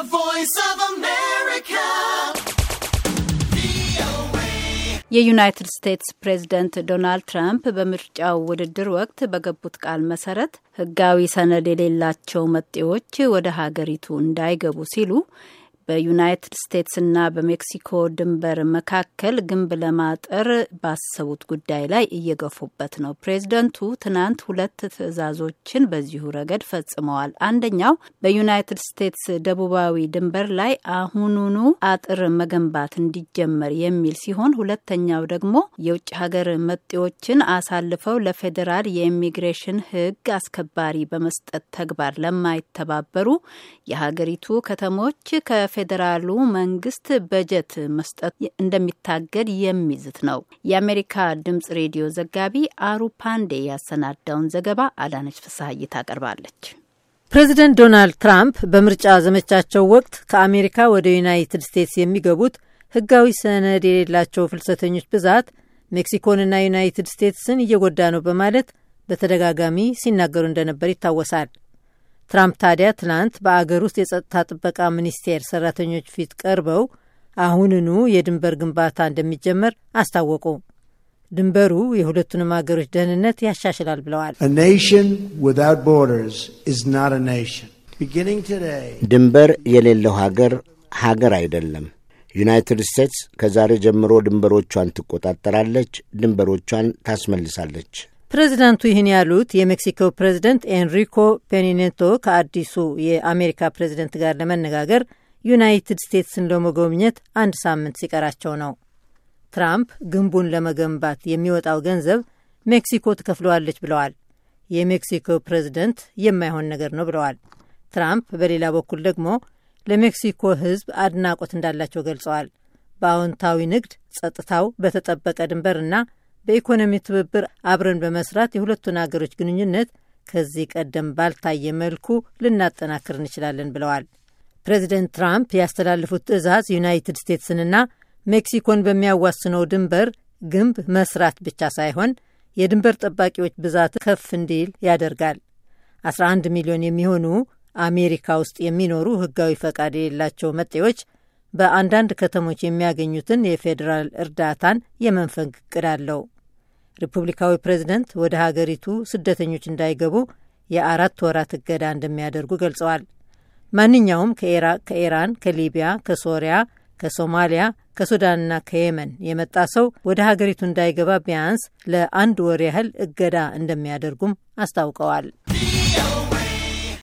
The Voice of America. የዩናይትድ ስቴትስ ፕሬዝደንት ዶናልድ ትራምፕ በምርጫው ውድድር ወቅት በገቡት ቃል መሰረት ሕጋዊ ሰነድ የሌላቸው መጤዎች ወደ ሀገሪቱ እንዳይገቡ ሲሉ በዩናይትድ ስቴትስና በሜክሲኮ ድንበር መካከል ግንብ ለማጠር ባሰቡት ጉዳይ ላይ እየገፉበት ነው። ፕሬዝደንቱ ትናንት ሁለት ትዕዛዞችን በዚሁ ረገድ ፈጽመዋል። አንደኛው በዩናይትድ ስቴትስ ደቡባዊ ድንበር ላይ አሁኑኑ አጥር መገንባት እንዲጀመር የሚል ሲሆን፣ ሁለተኛው ደግሞ የውጭ ሀገር መጤዎችን አሳልፈው ለፌዴራል የኢሚግሬሽን ሕግ አስከባሪ በመስጠት ተግባር ለማይተባበሩ የሀገሪቱ ከተሞች ከፌ የፌዴራሉ መንግስት በጀት መስጠት እንደሚታገድ የሚዝት ነው። የአሜሪካ ድምጽ ሬዲዮ ዘጋቢ አሩ ፓንዴ ያሰናዳውን ዘገባ አዳነች ፍስሀይ ታቀርባለች። ፕሬዚደንት ዶናልድ ትራምፕ በምርጫ ዘመቻቸው ወቅት ከአሜሪካ ወደ ዩናይትድ ስቴትስ የሚገቡት ህጋዊ ሰነድ የሌላቸው ፍልሰተኞች ብዛት ሜክሲኮንና ዩናይትድ ስቴትስን እየጎዳ ነው በማለት በተደጋጋሚ ሲናገሩ እንደነበር ይታወሳል። ትራምፕ ታዲያ ትናንት በአገር ውስጥ የጸጥታ ጥበቃ ሚኒስቴር ሰራተኞች ፊት ቀርበው አሁንኑ የድንበር ግንባታ እንደሚጀመር አስታወቁ። ድንበሩ የሁለቱንም አገሮች ደህንነት ያሻሽላል ብለዋል። ድንበር የሌለው ሀገር ሀገር አይደለም። ዩናይትድ ስቴትስ ከዛሬ ጀምሮ ድንበሮቿን ትቆጣጠራለች፣ ድንበሮቿን ታስመልሳለች። ፕሬዚዳንቱ ይህን ያሉት የሜክሲኮ ፕሬዚደንት ኤንሪኮ ፔኒኔቶ ከአዲሱ የአሜሪካ ፕሬዚደንት ጋር ለመነጋገር ዩናይትድ ስቴትስን ለመጎብኘት አንድ ሳምንት ሲቀራቸው ነው። ትራምፕ ግንቡን ለመገንባት የሚወጣው ገንዘብ ሜክሲኮ ትከፍለዋለች ብለዋል። የሜክሲኮ ፕሬዚደንት የማይሆን ነገር ነው ብለዋል። ትራምፕ በሌላ በኩል ደግሞ ለሜክሲኮ ሕዝብ አድናቆት እንዳላቸው ገልጸዋል። በአዎንታዊ ንግድ፣ ጸጥታው በተጠበቀ ድንበርና በኢኮኖሚ ትብብር አብረን በመስራት የሁለቱን አገሮች ግንኙነት ከዚህ ቀደም ባልታየ መልኩ ልናጠናክር እንችላለን ብለዋል። ፕሬዚደንት ትራምፕ ያስተላለፉት ትዕዛዝ ዩናይትድ ስቴትስንና ሜክሲኮን በሚያዋስነው ድንበር ግንብ መስራት ብቻ ሳይሆን የድንበር ጠባቂዎች ብዛት ከፍ እንዲል ያደርጋል። 11 ሚሊዮን የሚሆኑ አሜሪካ ውስጥ የሚኖሩ ሕጋዊ ፈቃድ የሌላቸው መጤዎች በአንዳንድ ከተሞች የሚያገኙትን የፌዴራል እርዳታን የመንፈግ እቅድ አለው። ሪፑብሊካዊ ፕሬዝደንት ወደ ሀገሪቱ ስደተኞች እንዳይገቡ የአራት ወራት እገዳ እንደሚያደርጉ ገልጸዋል። ማንኛውም ከኢራቅ፣ ከኢራን፣ ከሊቢያ፣ ከሶሪያ፣ ከሶማሊያ፣ ከሱዳንና ከየመን የመጣ ሰው ወደ ሀገሪቱ እንዳይገባ ቢያንስ ለአንድ ወር ያህል እገዳ እንደሚያደርጉም አስታውቀዋል።